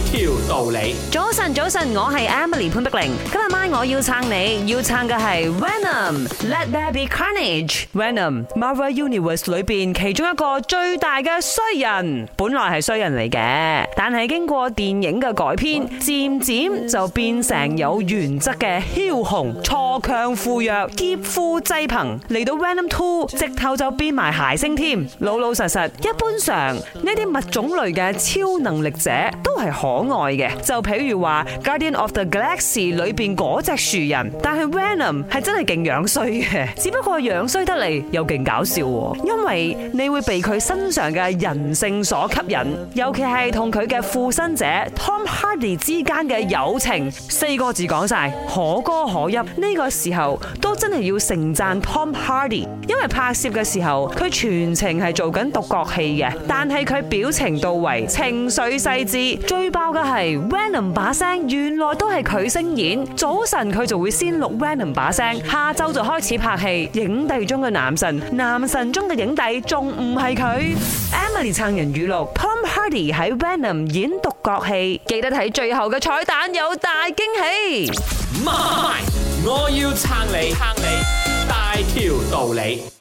條道理。早晨，早晨，我係 Emily 潘碧玲。今日晚我要撐你，要撐嘅係 Venom。Let There Be Carnage。Venom Marvel Universe 裏邊其中一個最大嘅衰人，本來係衰人嚟嘅，但係經過電影嘅改編，漸漸就變成有原則嘅梟雄。鋤強扶弱，劫富濟貧。嚟到 Venom Two，直頭就變埋諧星添。老老實實，一般上呢啲物種類嘅超能力者都係。可愛嘅，就譬如話《Guardian of the Galaxy》裏邊嗰隻樹人，但係 Venom 係真係勁樣衰嘅，只不過樣衰得嚟又勁搞笑，因為你會被佢身上嘅人性所吸引，尤其係同佢嘅附身者 Tom Hardy 之間嘅友情，四個字講晒，可歌可泣。呢個時候都真係要盛讚 Tom Hardy，因為拍攝嘅時候佢全程係做緊獨角戲嘅，但係佢表情到位，情緒細緻，最。爆嘅係 Venom 把聲，原來都係佢聲演。早晨佢就會先錄 Venom 把聲，下晝就開始拍戲。影帝中嘅男神，男神中嘅影帝仲唔係佢？Emily 撐人語錄，Tom Hardy 喺 Venom 演獨角戲。記得睇最後嘅彩蛋有大驚喜。媽咪，我要撐你，撐你大條道理。